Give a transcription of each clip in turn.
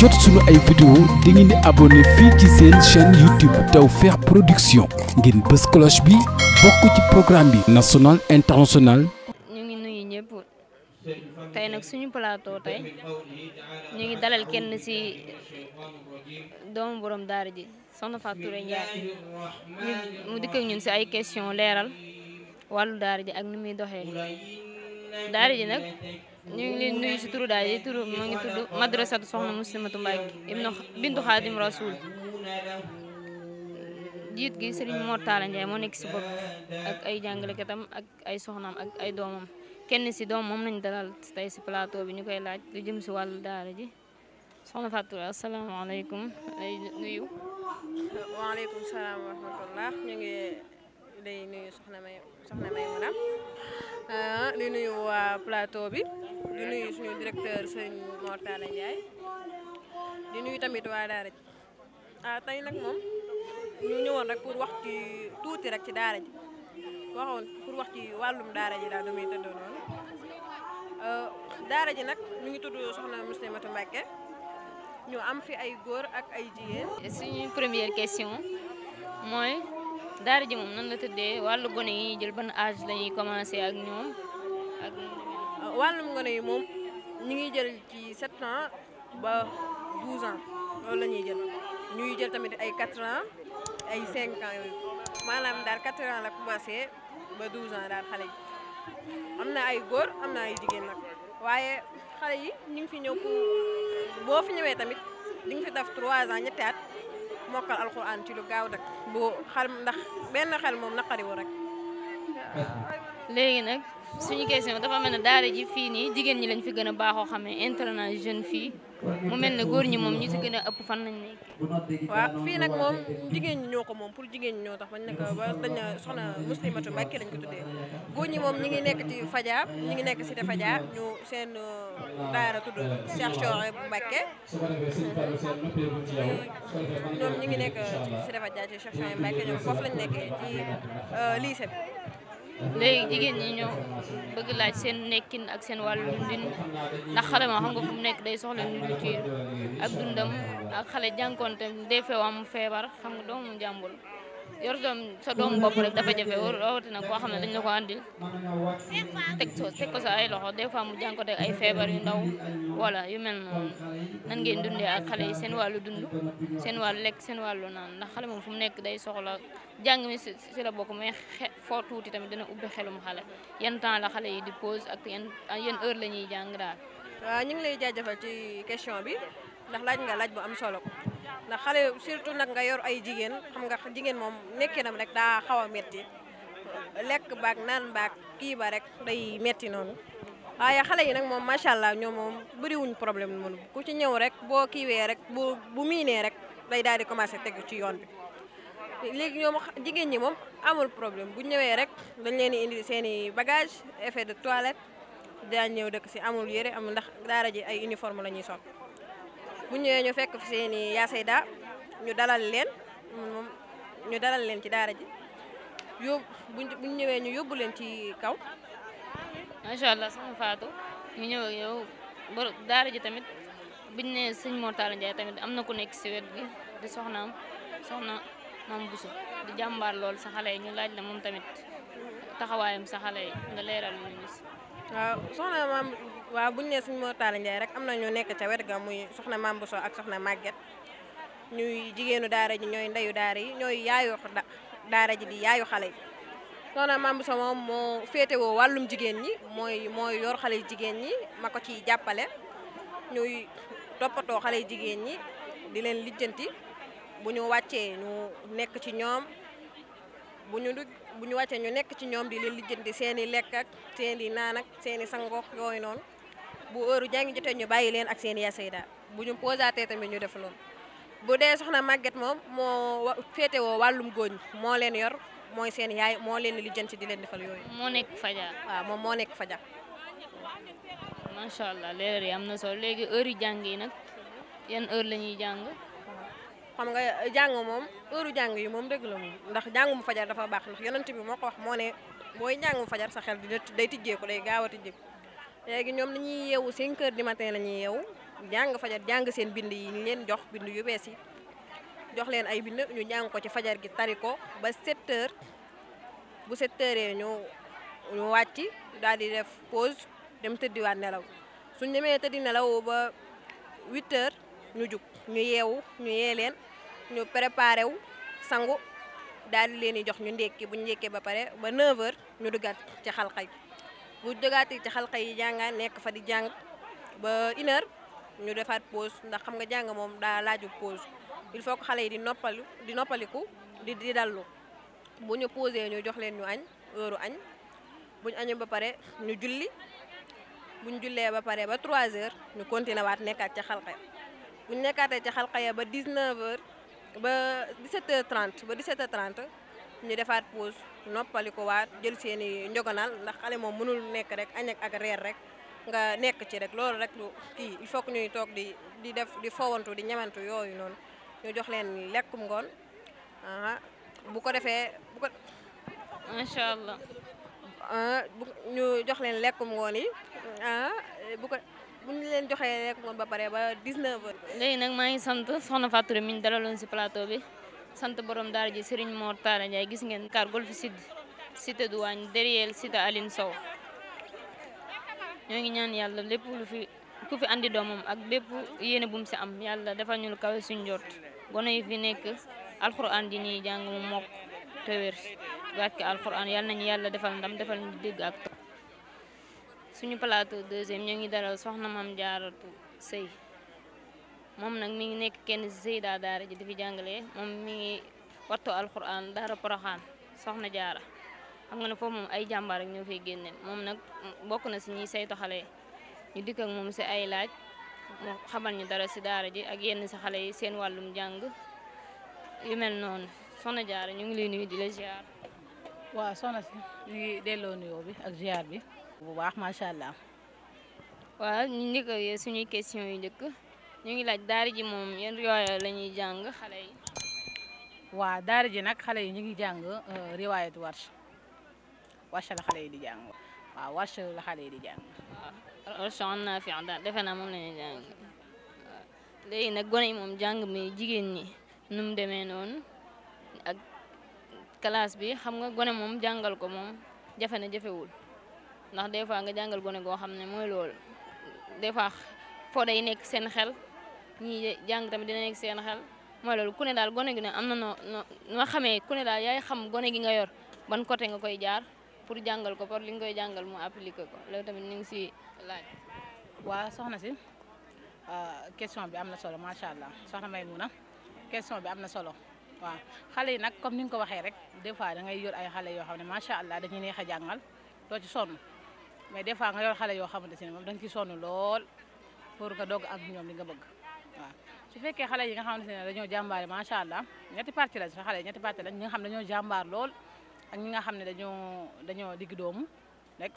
jot suñu ay vidéo da ngeen di abonné fii ci seen chaîne YouTube Tawfekh Production ngeen bës cloche bi bokk ci programme bi national international ñu ngi nuyu ñëpp tey nag suñu plateau tey ñu ngi dalal kenn ci doomu borom daara ji soxna Fatou Touré Ndiaye mu dikk ñun ci ay question leeral wàllu daara ji ak ni muy doxee daara ji nag ñu ngi leen nuyu si turu daal yi turu mu soxna muslimatu Mbacke bintu xaadim rasul jiit gi sëriñ Mor moo nekk si bopp ak ay ak ay soxnaam ak ay doomam kenn si doom moom lañ dalal tey si plateau bi ñu koy laaj lu jëm si wàllu daal ji soxna Fatou asalaamaaleykum ay nuyu waaleykum salaam wa ñu ngi lay nuyu soxna may soxna li ah, nuyu waa plateau bi di nuyu suñu directeur sëñ Mor Talla di nuyu tamit waa daara ji ah, tey nag moom ñu ñëwoon rek pour wax ci tuuti rek ci daara ji waxoon pour wax ci wàllum daara ji daal damay tëdd noonu ah, daara ji nag mu ngi tudd soxna Muslimatu Mbàkke ñu am fi ay góor ak ay jigéen. suñu première question mooy. daara ji moom nan la tëddee wàllu gone yi jël ban âge la ñuy commencé ak ñoom ak. Ah, wàllum gone yi moom ñu ngi jël ci 7 ans ba 12 ans loolu la ñuy jël ñuy jël tamit ay quatre ans ay 5 ans maanaam daal quatre ans la commencé ba 12 ans daal xale yi am na ay góor am na ay jigéen nag waaye xale yi ñu ngi fi ñëw pour boo fi ñëwee tamit di nga fi def trois ans ñetti at mokkal alxuraan ci lu gaaw rek bu xel ndax benn xel moom naqariwul rek léegi nag suñu question dafa mel na daara ji fii nii jigéen ñi lañ fi gën a baaxoo xamee internat jeune fii mu mel na góor ñi moom ñu si gën a ëpp fan lañ nekk. waaw fii nag moom jigéen ñi ñoo ko moom pour jigéen ñoo tax bañ nekk ba dañ na soxna Muslimatu Mbàkke dañ ko tuddee góor ñi moom ngi nekk ci Fadia ñi ngi nekk Cité Fadia ñu seen uh, daara tudd Cheikh Choré Mbàkke ñoom ñi ngi nekk Cité Fadia foofu lañ nekkee ci uh, lycée bi léegi jigéen ñi ñoo bëgg laaj seen nekkin ak seen wàllu dundin ndax xale ma xam nga fu nekk day soxla nourriture ak dundam ak xale jànkoonte des fois feebar xam nga doomu jàmbul yor doom sa doomu bopp rek dafa jafe rawatina koo xam ne dañ la ko andil teg so teg ko sa ay loxo des fois mu jànkuwante ay feebar yu ndaw wala yu mel noonu nan ngeen dundee ak xale yi seen wàllu dund seen wàllu lekk seen wàllu naan ndax xale moom fu mu nekk day soxla jàng mi si la bokk mais foo tuuti tamit dina ubbi xelum xale yan temps la xale yi di pause ak yan yan heure la ñuy jàng daal. waaw ñu ngi lay jaajëfal ci question bi ndax laaj nga laaj bu am solo ndax xale surtout nag nga yor ay jigéen xam nga jigéen moom nekkinam rek daa xaw a metti lekk baak naan baak kii ba rek day metti noonu waaye xale yi nag moom macha allah ñoom moom bëriwuñ problème moom ku ci ñëw rek boo kiiwee rek bu bu miinee rek day daal di commencé tegu ci yoon bi léegi ñoom jigéen ñi moom amul problème bu ñëwee rek dañ leen di indi seen i bagage effet de toilette daañu ñëw dëkk si amul yére amul ndax daara ji ay uniforme la ñuy sol bu ñëwee ñu fekk fi seen i yaa sayda ñu dalal leen moom ñu dalal leen ci daara ji yób bu ñëwee ñu yóbbu leen ci kaw. macha allah sama Fatou ñu ñëw ak yow daara ji tamit biñ ne sëñ Mortala Ndiaye tamit am na ku nekk si wet gi di soxnaam soxna maam Bousso di jàmbaar lool sa xale yi ñu laaj la moom tamit taxawaayam sa xale yi nga leeral ñu waaw soxna maam waaw buñu nee suñu Mor Talla Ndiaye rek am na ñu nekk ca wet ga muy soxna maam Bousso ak soxna Maguette ñuy jigéenu daara ji ñooy ndeyu daara yi ñooy yaayu daara ji di yaayu xale yi soxna maam Bousso moom moo féetewoo wàllum jigéen ñi mooy mooy yor xale jigéen ñi ma ko ciy jàppale ñuy toppatoo xale jigéen ñi di leen lijjanti bu ñu wàccee ñu nekk ci ñoom bu ñu bu ñu wàccee ñu nekk ci ñoom di leen lijjanti seen i lekk ak seen i naan ak seen i sangook yooyu noonu bu heure jàngi jotee ñu bàyyi leen ak seen i yasayda bu ñu posaatee tamit ñu def loolu. bu dee soxna màgget moom moo féetewoo wàllum góoñ moo leen yor mooy seen yaay moo leen lijjanti di leen defal yooyu. moo nekk faja waaw moom moo nekk faja macha allah leer yi am na solo léegi heure yi jàng yi nag yan heure la ñuy jàng. xam nga jàng moom heure jàng yi moom dëgg moom ndax jàngum fajar dafa baax ndax yonent bi moo ko wax moo ne booy jàngum fajar sa xel di day tijjeeku day gaaw a tijjeeku léegi ñoom dañuy yeewu 5 heures du matin la ñuy fajar jàng seen bind yi ñu leen jox bind yu bees yi jox leen ay bind ñu jàng ko ci fajar gi tari ko ba 7 bu 7 heures ñu ñu wàcc daal di def pause dem tëddiwaat nelaw suñ demee tëddi nelaw ba 8 ñu jug ñu yeewu ñu yee leen. ñu préparé wu sangu daal di leen di jox ñu ndékki bu ñu ndékkee ba pare ba 9h ñu duggaat ci xalqa yi bu duggaatee ci xalqa yi jàngaa nekk fa di jàng ba une ñu defaat pause ndax xam nga jàng moom daa laaju pause il faut que xale yi di noppalu di noppaliku di di dallu bu ñu posé ñu jox leen ñu añ heure añ bu ñu añu ba pare ñu julli bu ñu jullee ba pare ba trois heures ñu continué waat nekkaat ci xalqa bu ñu nekkaatee ci xalqa ya ba 19 heures ba 17h30 ba 17h30 ñu defaat pause noppali ko waat jël seen i njogonaal ndax xale moom mënul nekk rek añ ak reer rek nga nekk ci rek loolu rek lu kii il faut que ñuy toog di di def di fowantu di ñamantu yooyu noonu ñu jox leen lekkum ngoon bu ko defee bu ko. macha allah. ñu jox leen lekkum ngoon yi bu ko. bu ñu leen joxee rek ngoon ba pare ba 19h. léegi nag maa ngi sant soxna Fatou Touré mi ñu dalaloon si plateau bi sant boroom daara ji Serigne Mor Talla Ndiaye gis ngeen car golf sud cité douane derrière cité Aline Sow ñoo ngi ñaan yàlla lépp lu fi ku fi andi doomam ak bépp yéene bu si am yàlla dafa ñu lu kawe suñ jort gone yi fi nekk alxuraan ji ñuy jàng mu mokk te wér wàcc alxuraan yàlla nañu yàlla defal ndam defal ñu dégg ak suñu plateau deuxième ñoo ngi dalal soxna Mame Diarratou Seye moom nag mi ngi nekk kenn si Seyda daara ji di fi jàngale moom mi ngi wattu alxuraan daara poroxaan soxna jaara xam nga ne foofu moom ay jàmbaar ak ñoo fay génne moom nag bokk na si ñuy saytu xale ñu dikk ak moom si ay laaj mu xamal ñu dara si daara ji ak yenn si xale yi seen wàllum jàng yu mel noonu soxna jaara ñu ngi lay nuyu di la ziar. waaw soxna si ñu ngi delloo nuyoo bi ak ziar bi. bu baax macha allah. waaw ñu njëkk suñuy question yu njëkk ñu ngi laaj daara ji moom yan riwaaya lañuy jàng xale yi. waaw daara ji nag xale yi ñu ngi jàng euh, riwaayatu warsh warsh la xale yi di jàng waaw warsh la xale yi di jàng. waaw warsh an naafi daal defe naa moom la ñuy nag gone yi moom jàng mi jigéen ñi nu mu demee noonu ak bi xam nga gone moom jàngal ko moom jafe na jafewul. ndax des fois nga jàngal gone goo xam ne mooy loolu des fois foo day nekk seen xel ñii jàng tamit dina nekk seen xel mooy loolu ku ne daal gone gi ne am na no noo xamee ku ne daal yaay xam gone gi nga yor ban côté nga koy jaar pour jàngal ko pour li nga koy jàngal mu appliquer ko loolu tamit ñu ngi si laaj. waa soxna si ah, question bi am na solo macha allah soxna Maymuna question bi am na solo. waaw xale yi nag comme ni nga ko waxee rek des fois da ngay yor ay xale yoo xam ne macha allah dañuy neex a jàngal doo ci sonn mais des fois nga yor xale yoo xamante ne moom da nga ci sonn lool pour nga dogg nga bëgg waaw su fekkee xale yi nga xamante ne dañoo jàmbaare macha allah ñetti parti lañ sa xale yi ñetti parti nga xam dañoo jàmbaar lool ak ñi nga xam ne dañoo dañoo digg doomu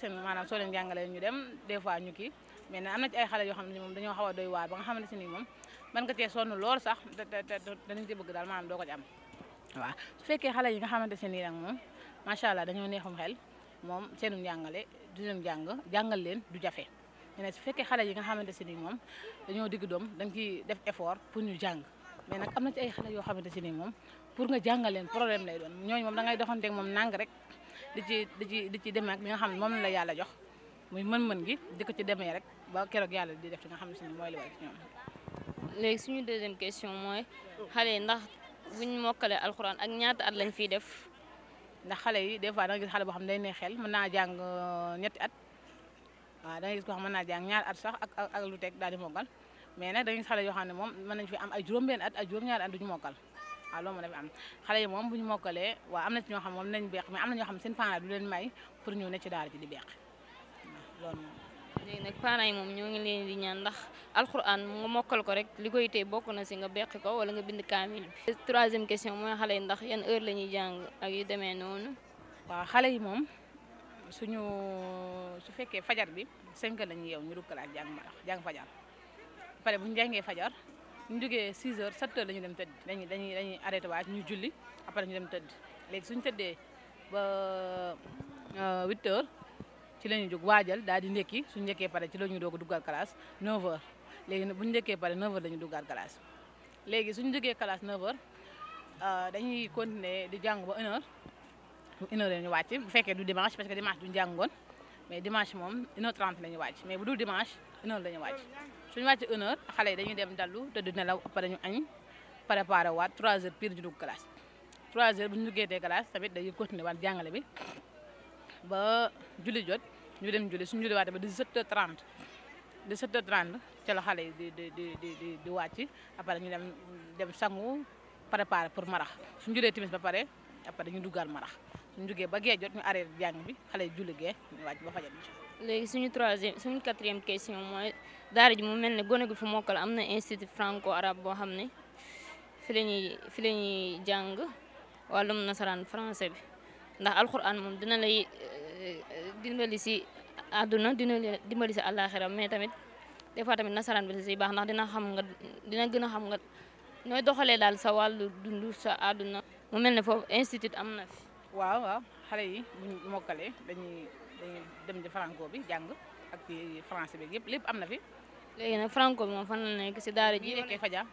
seen maanaam soo leen jàngalee ñu dem des fois ñu kii mais ne am yoo xam ne moom dañoo xaw a doy waar ba nga xamante ne moom mën nga cee sonn lool sax te te danañ bëgg daal maanaam doo ko ci am waaw su fekkee xale yi nga xamante ne nii nag moom macha allah dañoo neexum xel moom seenum njàngale dinañ jàng jàngal leen du jafe mais su fekkee xale yi nga xamante si ni moom dañoo digg doom dañ ciy def effort pour ñu jàng mais nag am na ci ay xale yoo xamante si ni moom pour nga jàngal leen problème lay doon ñooñu moom da ngay doxanteeg moom nang rek di ci ci di ci demee ak li nga xam ne moom la yàlla jox muy mën-mën gi di ko ci demee rek ba keroog yàlla di def li nga xam ne si ni mooy li war ci ñoom. léegi suñu deuxième question mooy xale yi ndax buñ mokkale alxuraan ak ñaata at lañ fiy def. ndax xale yi des fois da nga gis xale boo xam ne day ne xel mën naa jàng euh, ñetti at waa da gis koo xam mën naa jàng ñaar at sax ak ak lu teg daal di mokal mais nag da gis xale yoo xam ne moom mën nañ fi am ay juróom-benn at ay ñaar at duñu mokal waaw loolu moo xale yi moom bu ñu mokkalee waaw am na ñoo xam moom nañ beeq mais am na ñoo xam seen parents du leen may pour ñu ne ci daara ji di beeq loolu léegi nag parents yi moom ñoo ngi leen di ñaan ndax alxuraan nga mokkal ko rek li koy tey bokk na si nga beqi ko wala nga bind kaamil bi. troisième question mooy xale yi ndax yan heure la ñuy jàng ak yi demee noonu. waaw xale yi moom suñu su fekkee fajar bi cinq la ñuy yow ñu dugg laa jàng jàng fajar ba pare bu ñu jàngee fajar ñu jógee six heures sept heures la ñu dem tëdd dañuy dañuy dañuy arrêté waat ñu julli après ñu dem tëdd léegi suñ tëddee ba euh, huit heures. ci la ñu jóg waajal daal di ndekki su ndekkee pare ci la ñu doog a duggaat classe léegi nag bu ñu ndekkee pare 9h la ñu duggaat léegi suñu jógee classe 9h euh, dañuy continuer di jàng ba 1h bu 1h la ñu wàcc bu fekkee du dimanche parce que dimanche duñu jàngoon mais dimanche moom 1h30 la ñu wàcc mais bu du dimanche 1h la ñu wàcc suñu wàcc 1h xale yi dañuy dem dallu tëdd nelaw après ñu añ préparé waat 3h pire ñu dugg classe 3h bu ñu duggee classe tamit dañuy continuer waat jàngale bi ba julli jot ñu dem julli suñu julli waate ba 17h30 17h30 ca la xale yi di di di di di wàcc après ñu dem dem sangu préparé pour marax suñu julee timis ba pare après dañu duggaal marax suñu jugee ba gee jot ñu arrêté jàng bi xale yi julli gee ñu wàcc ba fajar léegi suñu troisième suñu quatrième question mooy daara ji moom mel ne gone gu fi mokkal am na institut franco arabe boo xam ne fi la ñuy fi la ñuy jàng wàllum nasaraan français bi ndax alxuraan moom dimbali si àdduna dina dimbali si àllaaxira mais tamit des fois tamit nasaraan bi si baax ndax dina xam nga dina gën a xam nga nooy doxalee daal sa wàllu dund sa àdduna mu mel ne foofu institut am na fi. waaw waaw xale yi buñ mokkalee dañuy dem ci franco bi jàng ak yi français bi yëpp lépp am na fi. léegi nag Franco moom fan la nekk si daara ji nekkee Fadia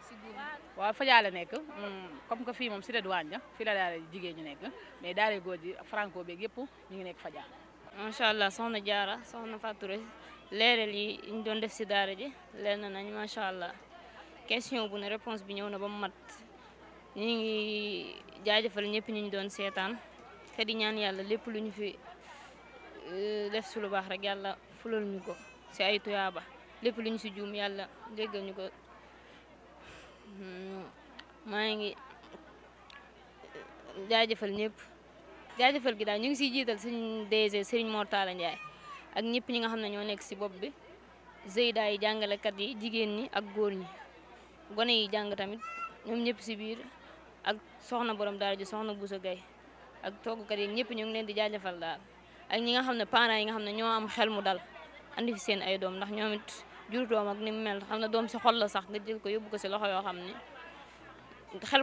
waaw Fadia nekk mm, comme que fii moom si redwaan ja fii la daara jigéen ñu nekk mais daara góor ji Franco beeg yëpp ñu ngi nekk Fadia macha allah soxna Jaara soxna Fature leeral yi ñu doon def si daara ji leer na nañ macha allah question bu ne réponse bi ñëw na ba mu mat ñu ngi jaajëfal ñëpp ñu ñu doon seetaan te di ñaan yàlla lépp lu ñu fi euh, def si lu baax rek yàlla fulal ñu ko si ay tuyaaba lépp lu ñu si juum yàlla jéggal ñu ko hmm, maa ngi jaajëfal ñëpp jaajëfal gi daal ñu ngi siy jiital suñ DG Serigne Mor Talla Ndiaye ak ñëpp ñi nga xam ne ñoo nekk si bopp bi Zeyda jàngalekat yi jigéen ñi ak góor ñi gone yi jàng tamit ñoom ñëpp si biir ak soxna boroom daal ji soxna Bousso Gaye ak toggkat yi ñëpp ñu ngi leen di jaajëfal daal ak ñi nga xam ne parents yi nga xam ne ñoo am xel mu dal andi fi seen ay doom ndax ñoom jur doom ak ni mu mel xam ne doom si xol la sax nga jël ko yóbbu ko si loxo yoo xam ne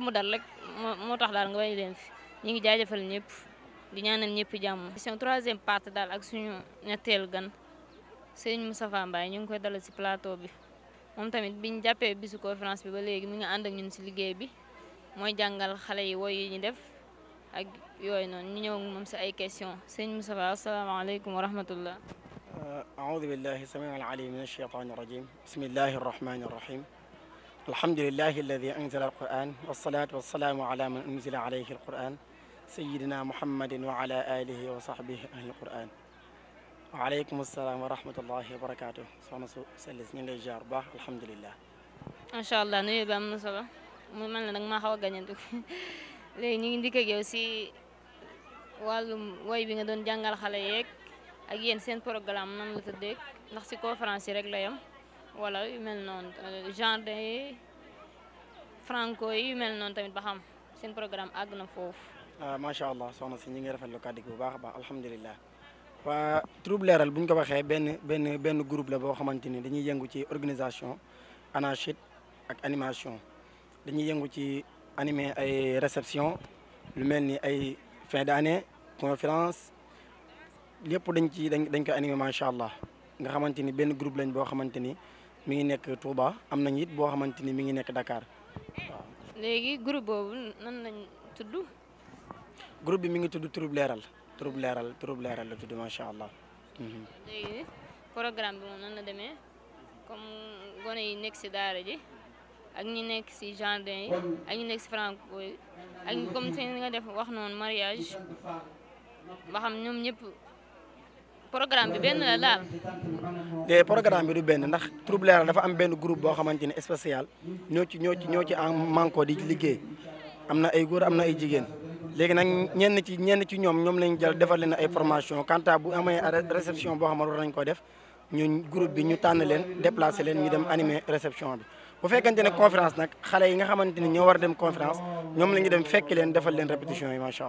mu dal rek moo tax daal nga bàyyi leen fi ñu ngi jaajëfal ñëpp di ñaanal ñëpp jàmm. seen troisième partie daal ak suñu ñetteel gan Serigne Moustapha Mbaye ñu ngi koy dalal si plateau bi moom tamit biñ jàppee bisu conférence bi ba léegi mi ngi ànd ak ñun si liggéey bi mooy jàngal xale yi woy yi ñu def ak yooyu noonu ñu ñëw moom si ay question Serigne Moustapha asalaamaaleykum wa rahmatullah أعوذ بالله السميع العليم من الشيطان الرجيم بسم الله الرحمن الرحيم الحمد لله الذي أنزل القرآن والصلاة والسلام على من أنزل عليه القرآن سيدنا محمد وعلى آله وصحبه أهل القرآن waaleykum salaam wa rahmatullahi wa barakaatu soxna su sellis ñu ngi lay jaar bu baax alhamdulilah macha allah nuyu bi am na solo mu mel ne nag maa xaw a gañantu léegi ñu ngi dikk ak yow si wàllum woy bi nga doon jàngal xale yeeg ak yéen seen programme nan la tëddee ndax si conférence yi rek la yem wala yu mel noonu euh, genre de franco yi yu mel tamit ba xam seen programme àgg na foofu. Ah, macha allah soxna si ñu ngi rafetlu kàddu gi bu baax a baax alhamdulilah. waa troupe leeral bu ko waxee benn benn benn groupe la boo xamante ni dañuy yëngu ci organisation anarchite ak animation dañuy yëngu ci anime ay réception lu mel ni ay fin d'année conférence. lépp dañ ci dañ dañ ko animé macha allah nga xamante ni benn groupe lañ boo xamante ni mi ngi nekk Touba am nañ it boo xamante ni mi ngi nekk Dakar waaw. léegi groupe boobu nan lañ tudd. groupe bi mi ngi tudd Troupe Leeral Troupe Leeral Troupe Leeral la tudd macha allah. Mhm. léegi programme bi moom nan la demee comme gone yi nekk si daara ji ak ñi nekk si jardin yi ak ñi nekk si franco yi ak comme seen nga def wax noonu mariage ba xam ñoom ñëpp. programme bi benn la daal. Eh, programme bi du benn ndax troupe leeral dafa am benn groupe boo xamante ni spécial ñoo ci ñoo ci ñoo ci en manko di liggéey am na ay góor am na ay jigéen léegi nag ñenn ci ñenn ci ñoom ñoom lañ jël defal leen ay formation quant bu amee réception boo xam ne war nañ ko def ñun groupe bi ñu tànn leen déplacé leen ñu dem animé réception bi. bu fekkente ne conférence nag xale yi nga xamante ni ñoo war dem conférence ñoom la ñu dem fekk leen defal leen répétition yi macha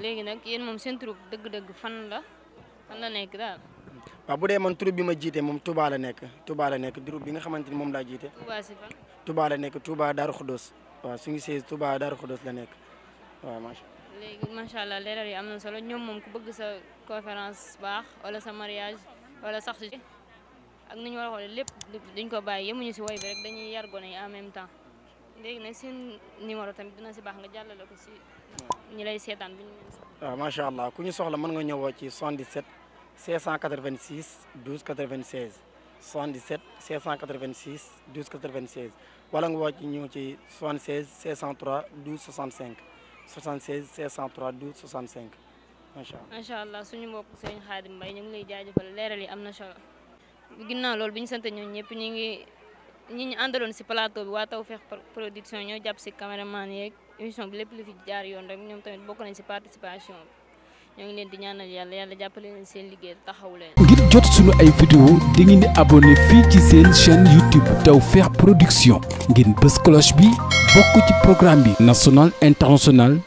léegi nag yéen moom seen troupe dëgg-dëgg fan la fan la nekk daal. waaw bu dee man troupe bi ma jiite moom Touba la nekk Touba la nekk troupe bi nga xamante ni moom laa jiite. Touba si la nekk Touba Darou Khoudoss waaw su ñu see Touba Darou Khoudoss la nekk waaw macha allah. léegi yi am na solo ñoom moom ku bëgg sa conférence baax wala sa mariage wala sax ak ni ñu war a lépp duñ ko bàyyi yemuñu si woy bi dañuy yar gone en même temps léegi nag seen numéro tamit dina si baax nga jàllale ko si. ñi lay seetaan bu ñu ah, macha allah ku ñu soxla mën nga ñëwoo ci 77 686 12 96 77 686 12 96 wala nga woo ci ñëw ci 76 603 12 65 76 603 12 65 macha allah. macha allah suñu mbokk sëñ Xaadim Mbay ñu ngi lay jaajëfal leeral yi am na solo ginnaaw loolu bi ñu sant ñoom ñëpp ñu ngi ñi ñu àndaloon si plateau bi waa Tawfekh Production ñoo jàpp si caméraman émission bi lépp lu fi jaar yoon rek ñoom tamit bokk nañ ci participation bi ñoo ngi leen di ñaanal yàlla yàlla jàppale leen seen liggéey taxawu leen. ngir jot suñu ay vidéo di ngeen di abonné fii ci seen chaîne YouTube Tawfekh Production ngeen bës cloche bi bokk ci programme bi national international.